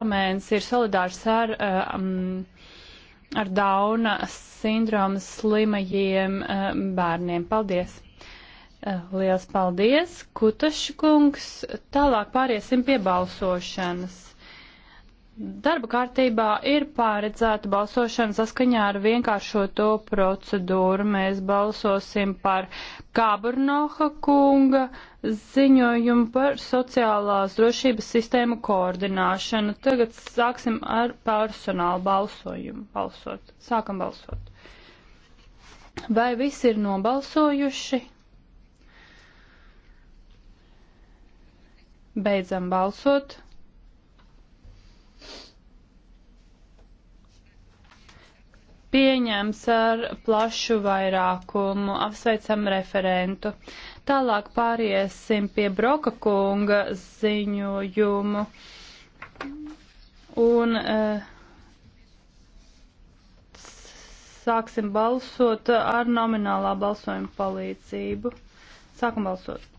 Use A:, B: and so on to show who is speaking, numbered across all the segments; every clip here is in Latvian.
A: parlaments ir solidārs ar, um, ar Dauna sindroma slimajiem um, bērniem. Paldies! Eh, liels paldies, Kutaškungs! Tālāk pāriesim pie balsošanas. Darba kārtībā ir paredzēta balsošana saskaņā ar vienkāršoto procedūru. Mēs balsosim par Kaburnoha kunga ziņojumu par sociālās drošības sistēmu koordināšanu. Tagad sāksim ar personālu balsojumu. Balsot. Sākam balsot. Vai visi ir nobalsojuši? Beidzam balsot. pieņemts ar plašu vairākumu. Apsveicam referentu. Tālāk pāriesim pie Broka kunga ziņojumu. Un uh, sāksim balsot ar nominālā balsojuma palīdzību. Sākam balsot.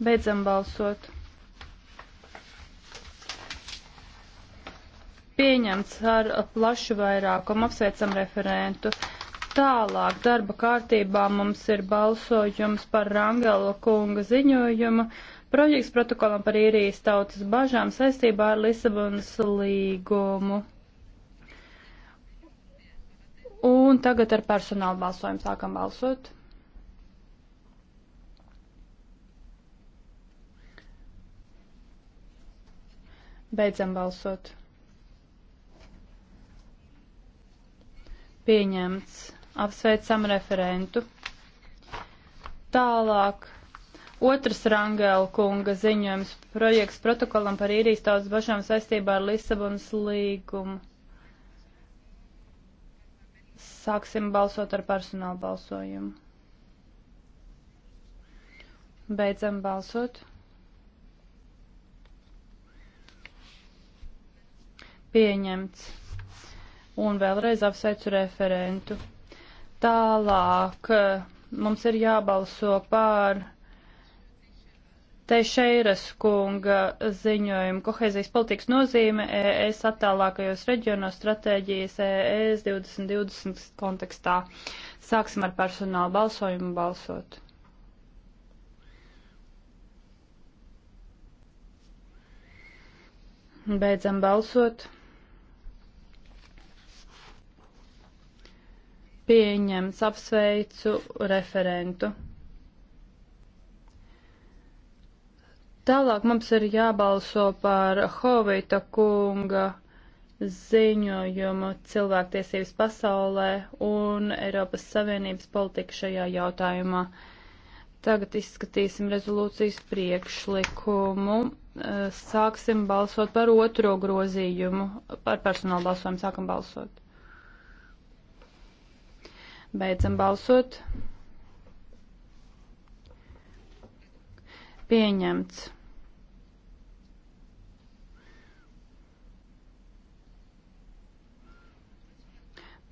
A: Beidzam balsot. pieņemts ar plašu vairākumu, apsveicam referentu. Tālāk darba kārtībā mums ir balsojums par Rangela kunga ziņojumu. Projekts protokolam par īrijas tautas bažām saistībā ar Lisabonas līgumu. Un tagad ar personālu balsojumu sākam balsot. Beidzam balsot. Pieņemts. Apsveicam referentu. Tālāk. Otrs Rangēla kunga ziņojums - projekts protokolam par īrijas tautas bažām saistībā ar Lisabonas līgumu. Sāksim balsot ar personālu balsojumu. Beidzam balsot. Pieņemts un vēlreiz apsveicu referentu. Tālāk eh, mums ir jābalso pār Teišeiras kunga ziņojumu kohēzijas politikas nozīme ES attālākajos reģionos stratēģijas e ES 2020 kontekstā. Sāksim ar personālu balsojumu balsot. Beidzam balsot. pieņemts, apsveicu referentu. Tālāk mums ir jābalso par Hovita kunga ziņojumu cilvēktiesības pasaulē un Eiropas Savienības politika šajā jautājumā. Tagad izskatīsim rezolūcijas priekšlikumu. Eh, sāksim balsot par otro grozījumu. Par personālu balsojumu sākam balsot. Beidzam balsot. Pieņemts.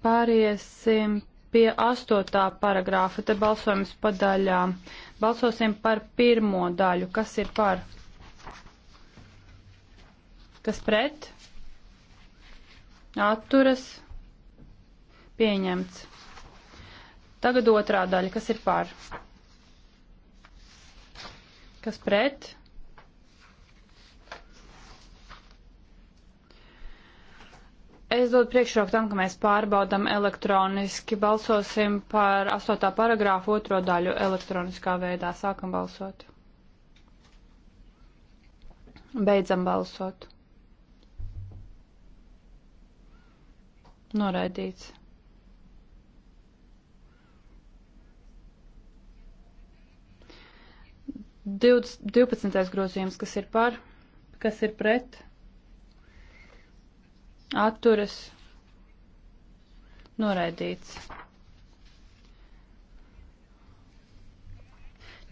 A: Pāriesim pie astotā paragrāfa. Te balsojums pa daļām. Balsosim par pirmo daļu. Kas ir par? Kas pret? Atturas? Pieņemts. Tagad otrā daļa, kas ir par? Kas pret? Es dodu priekšroku tam, ka mēs pārbaudam elektroniski, balsosim par 8. paragrāfu otro daļu elektroniskā veidā. Sākam balsot. Beidzam balsot. Noraidīts. 12. grozījums, kas ir par, kas ir pret, atturas, noraidīts.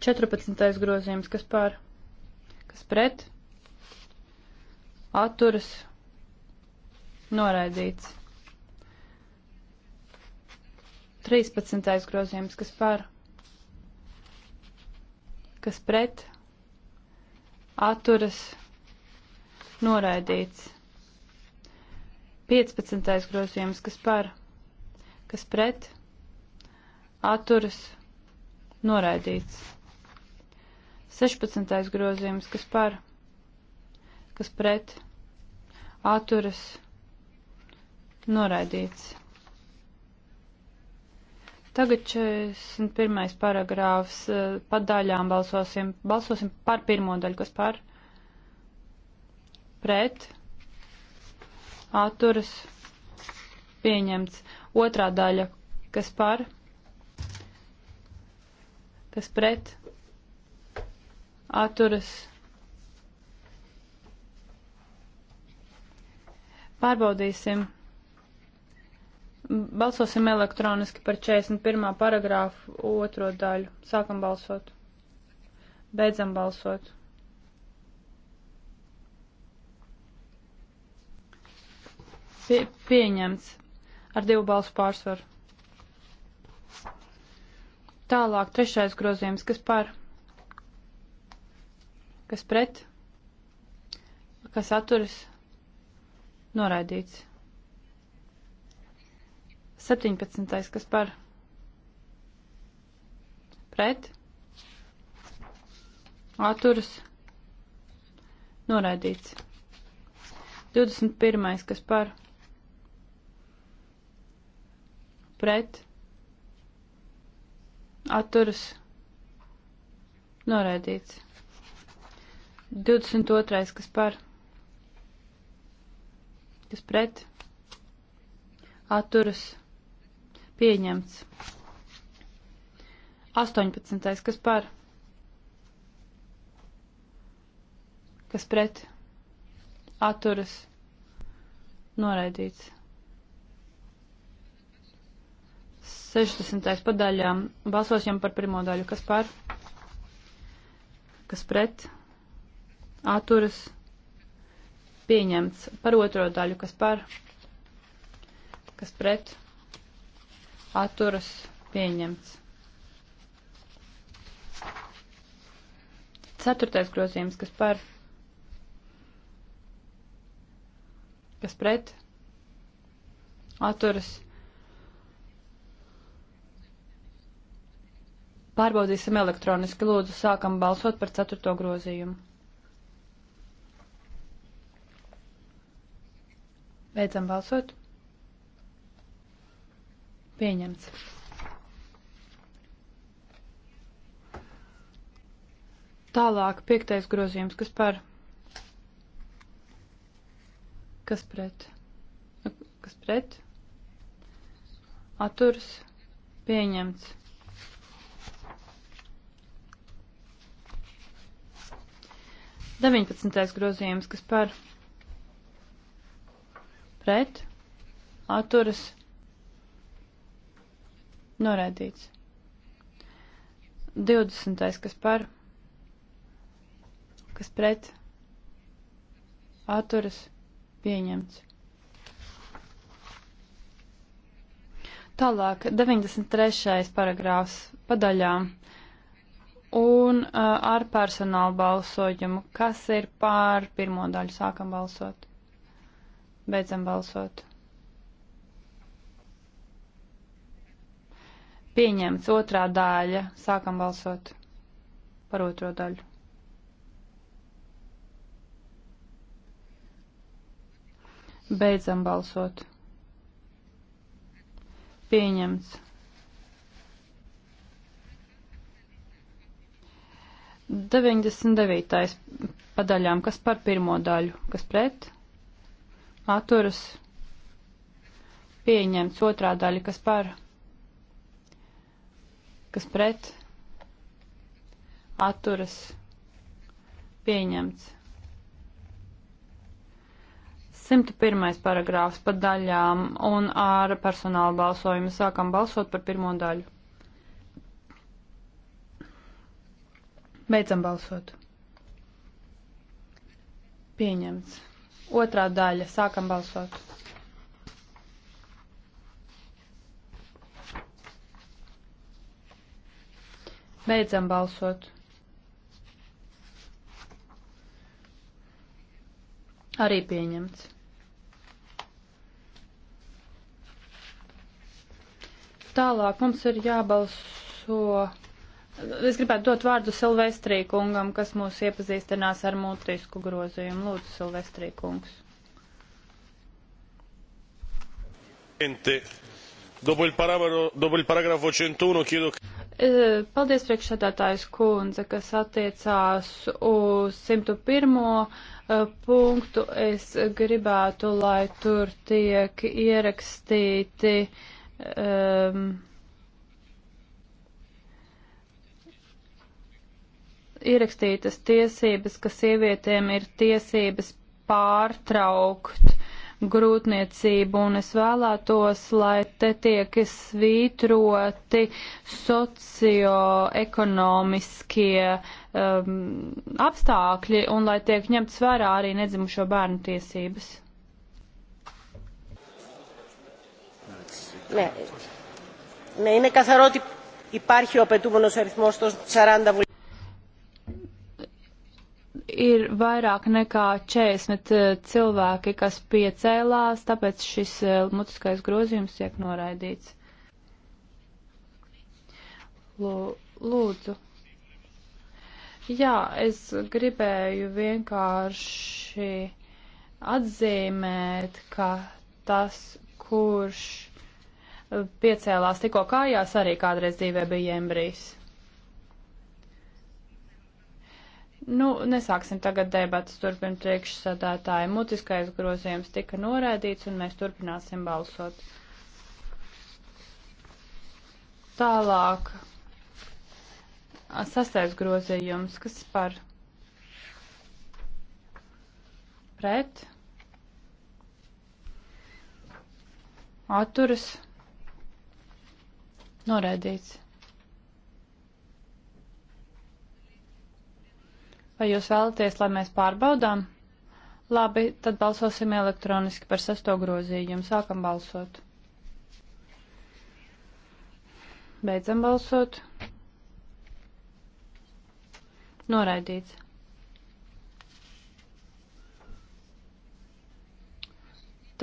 A: 14. grozījums, kas par, kas pret, atturas, noraidīts. 13. grozījums, kas par, kas pret atturas noraidīts. 15. grozījums, kas par, kas pret atturas noraidīts. 16. grozījums, kas par, kas pret atturas noraidīts. Tagad 41. paragrāfs eh, pa daļām balsosim. Balsosim par pirmo daļu, kas par pret atturas pieņemts. Otrā daļa, kas par kas pret atturas pārbaudīsim. Balsosim elektroniski par 41. paragrāfu otro daļu. Sākam balsot. Beidzam balsot. Pie, pieņemts ar divu balsu pārsvaru. Tālāk trešais grozījums, kas par, kas pret, kas atturas, noraidīts. 17. kas par pret atturas noraidīts. 21. kas par pret atturas noraidīts. 22. kas par kas pret atturas noraidīts Pieņemts. 18. kas par? Kas pret? Atturas. Noraidīts. 60. padaļām. Balsosim par pirmo daļu. Kas par? Kas pret? Atturas. Pieņemts. Par otro daļu. Kas par? Kas pret? atturas pieņemts. Ceturtais grozījums, kas par, kas pret, atturas. Pārbaudīsim elektroniski, lūdzu, sākam balsot par ceturto grozījumu. Beidzam balsot. Pieņemts. Tālāk piektais grozījums, kas par, kas pret, nu, kas pret, aturs, pieņemts. Deviņpadsmitais grozījums, kas par, pret, aturs, pieņemts Noraidīts. 20. kas par, kas pret, atturas, pieņemts. Tālāk, 93. paragrāfs padaļām un uh, ar personālu balsojumu. Kas ir pār pirmo daļu? Sākam balsot. Beidzam balsot. Pieņemts otrā daļa. Sākam balsot par otro daļu. Beidzam balsot. Pieņemts. Deviņdesmit devītais padaļām, kas par pirmo daļu, kas pret, atturas, pieņemts otrā daļa, kas par kas pret atturas pieņemts. 101. paragrāfs pa daļām un ar personālu balsojumu sākam balsot par pirmo daļu. Beidzam balsot. Pieņemts. Otrā daļa. Sākam balsot. Beidzam balsot. Arī pieņemts. Tālāk mums ir jābalso. Es gribētu dot vārdu Silvestrī kungam, kas mūs iepazīstinās ar mutisku grozījumu. Lūdzu, Silvestrī kungs. Dopo il paragrafo 101 chiedo. E, paldies priekšsēdētājs kundze, kas attiecās uz 101. E, punktu. Es gribētu, lai tur tiek ierakstīti um, ierakstītas tiesības, ka sievietēm ir tiesības pārtraukt grūtniecību, un es vēlētos, lai te tiek svītroti socioekonomiskie um, apstākļi, un lai tiek ņemts vērā arī nedzimušo bērnu tiesības. Ναι.
B: ναι, είναι καθαρό ότι υπάρχει ο απαιτούμενος αριθμός των 40 βουλευτών
A: ir vairāk nekā 40 eh, cilvēki, kas piecēlās, tāpēc šis eh, mutiskais grozījums tiek noraidīts. Lūdzu. Jā, es gribēju vienkārši atzīmēt, ka tas, kurš eh, piecēlās tikko kājās, arī kādreiz dzīvē bija embrijs. Nu, nesāksim tagad debatas turpin priekšsādātāji. Mutiskais grozījums tika norēdīts un mēs turpināsim balsot. Tālāk. Sastais grozījums, kas par pret atturas norēdīts. Vai jūs vēlaties, lai mēs pārbaudām? Labi, tad balsosim elektroniski par sesto grozījumu. Sākam balsot. Beidzam balsot. Noraidīts.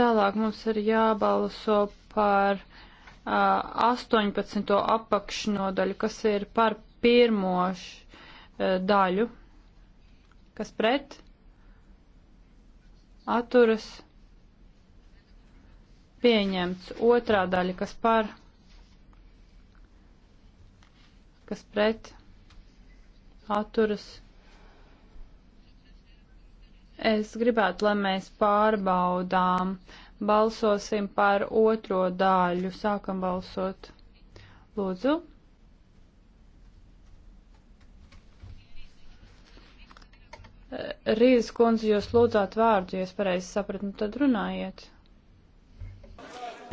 A: Tālāk mums ir jābalso par uh, 18. apakšnodaļu, kas ir par pirmo uh, daļu kas pret, atturas, pieņemts. Otrā daļa, kas par, kas pret, atturas. Es gribētu, lai mēs pārbaudām. Balsosim par otro daļu. Sākam balsot. Lūdzu. Rīzes kundze, jūs lūdzāt vārdu, ja es pareizi sapratu, nu tad runājiet.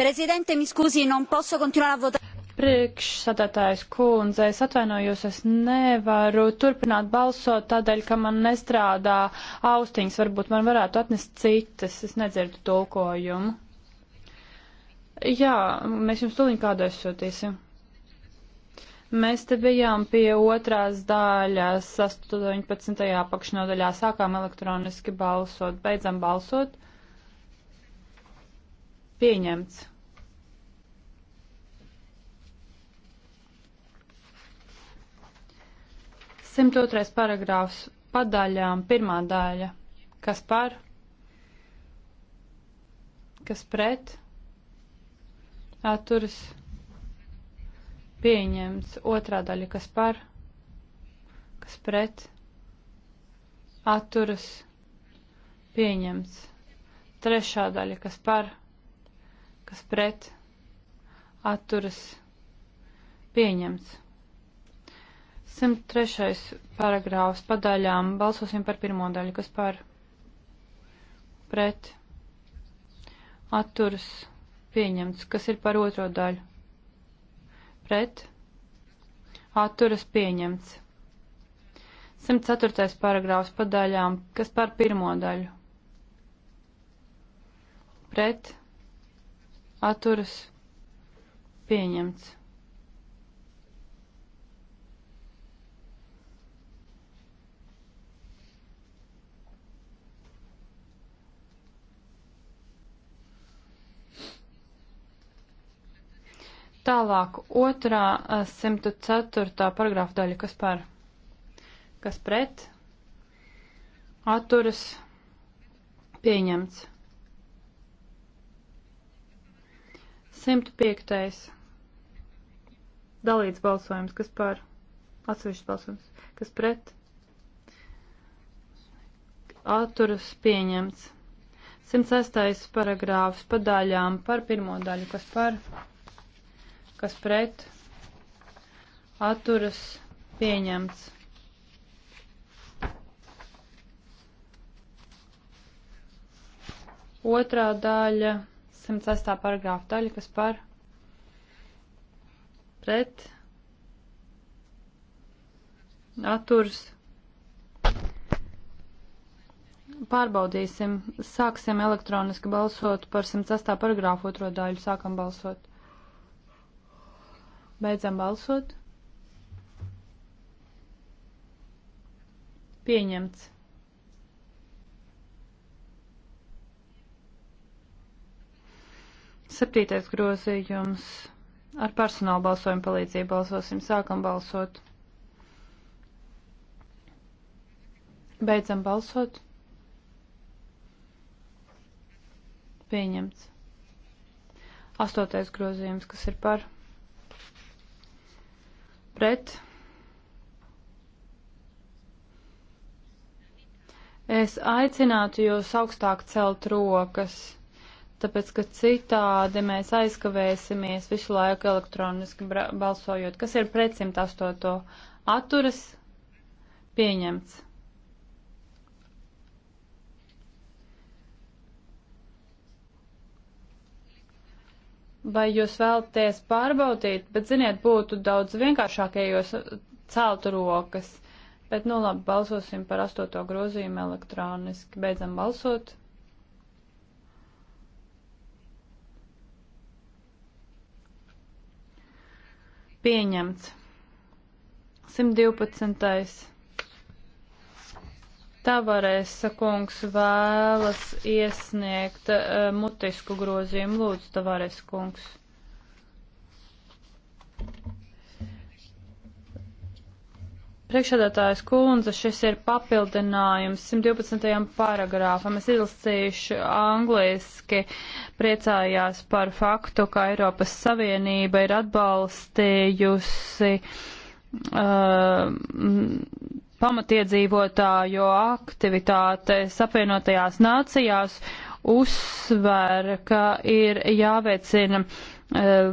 A: Prezidente, mi scusi, non posso continuare a votare. Priekšsādātājs kundze, es atvainojos, es nevaru turpināt balsot tādēļ, ka man nestrādā austiņas, varbūt man varētu atnest citas, es nedzirdu tulkojumu. Jā, mēs jums tuliņ kādu aizsūtīsim. Mēs te bijām pie otrās daļas, 18. apakšnodaļā, sākām elektroniski balsot, beidzam balsot. Pieņemts. Simt otrais paragrāfs padaļām, pirmā daļa, kas par, kas pret, atturas pieņemts. Otrā daļa, kas par, kas pret, atturas, pieņemts. Trešā daļa, kas par, kas pret, atturas, pieņemts. 103. paragrāfs padaļām balsosim par pirmo daļu, kas par, pret, atturas, pieņemts. Kas ir par otro daļu? pret atturas pieņemts. 104. paragrāfs pa daļām, kas par pirmo daļu. Pret atturas pieņemts. Tālāk otrā 104. paragrāfa daļa, kas par, kas pret, atturas, pieņemts. 105. Dalīts balsojums, kas par, atsevišķs balsojums, kas pret, atturas, pieņemts. 106. paragrāfs pa daļām par pirmo daļu, kas par kas pret atturas pieņemts. Otrā daļa, 106. paragrāfa daļa, kas par pret atturas. Pārbaudīsim, sāksim elektroniski balsot par 108. paragrāfu otro daļu, sākam balsot. Beidzam balsot. Pieņemts. Septītais grozījums. Ar personāla balsojumu palīdzību balsosim. Sākam balsot. Beidzam balsot. Pieņemts. Astotais grozījums, kas ir par pret. Es aicinātu jūs augstāk celt rokas, tāpēc, ka citādi mēs aizkavēsimies visu laiku elektroniski balsojot. Kas ir pret 108? Atturas pieņemts. vai jūs vēlaties pārbaudīt, bet ziniet, būtu daudz vienkāršāk, ja jūs celtu rokas. Bet nu labi, balsosim par astoto grozījumu elektroniski. Beidzam balsot. Pieņemts. 112. Tavarēsa kungs vēlas iesniegt uh, mutisku grozījumu. Lūdzu, Tavarēsa kungs. Priekšādātājs kundze, šis ir papildinājums 112. paragrāfam. Es izlasīšu angliski, priecājās par faktu, ka Eiropas Savienība ir atbalstījusi uh, pamatiedzīvotāju aktivitātes apvienotajās nācijās uzsver, ka ir jāveicina eh,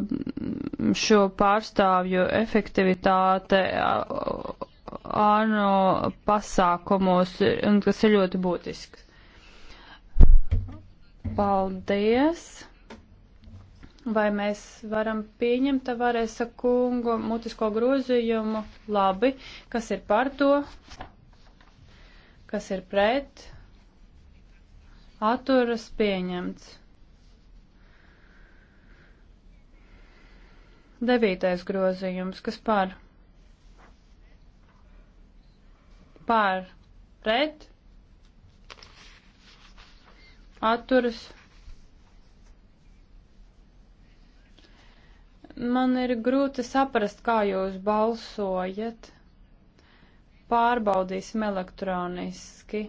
A: šo pārstāvju efektivitāte ANO pasākumos, un kas ir ļoti būtisks. Paldies! Vai mēs varam pieņemt Tavarēsa kungu mutisko grozījumu? Labi. Kas ir par to? Kas ir pret? Atturas pieņemts. Devītais grozījums. Kas par? Par. Pret. Atturas pieņemts Man ir grūti saprast, kā jūs balsojat. Pārbaudīsim elektroniski.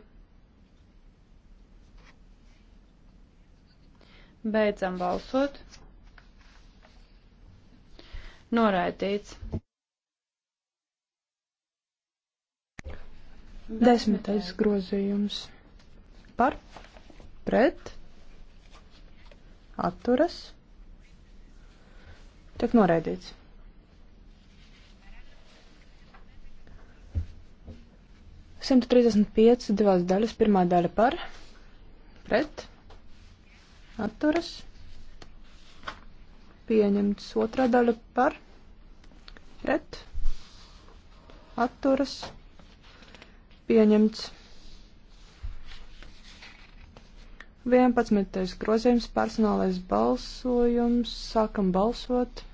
A: Beidzam balsot. Noraidīts.
B: Desmitais grozījums. Par, pret, atturas Tiek noraidīts. Simt trīsdesmit pieci divās daļas. Pirmā daļa par, pret, atturas. Pieņemts otrā daļa par, pret, atturas. Pieņemts. 11. grozījums, personālais balsojums, sākam balsot.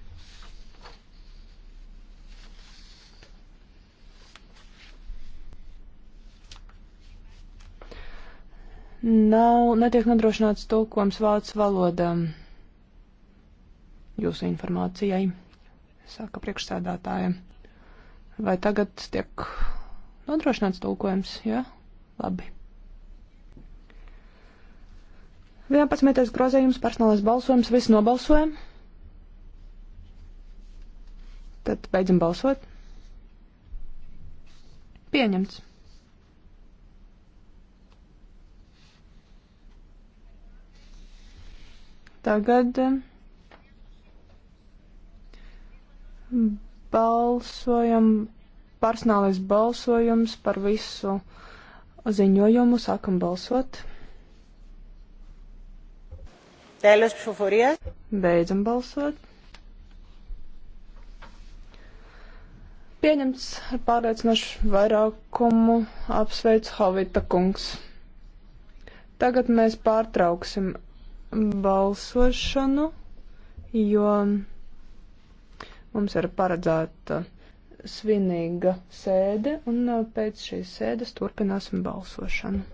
B: nav, netiek nodrošināts tulkojums vācu valodām jūsu informācijai, saka priekšsēdātāja. Vai tagad tiek nodrošināts tulkojums? Jā, labi. 11. grozījums personālais balsojums, viss nobalsojam. Tad beidzam balsot. Pieņemts. Tagad eh, balsojam, personālais balsojums par visu ziņojumu. Sākam balsot. Tēlos pšuforijas. Beidzam balsot. Pieņemts ar pārliecinošu vairākumu apsveic Havita kungs. Tagad mēs pārtrauksim balsošanu, jo mums ir paredzēta svinīga sēde, un uh, pēc šīs sēdes turpināsim balsošanu.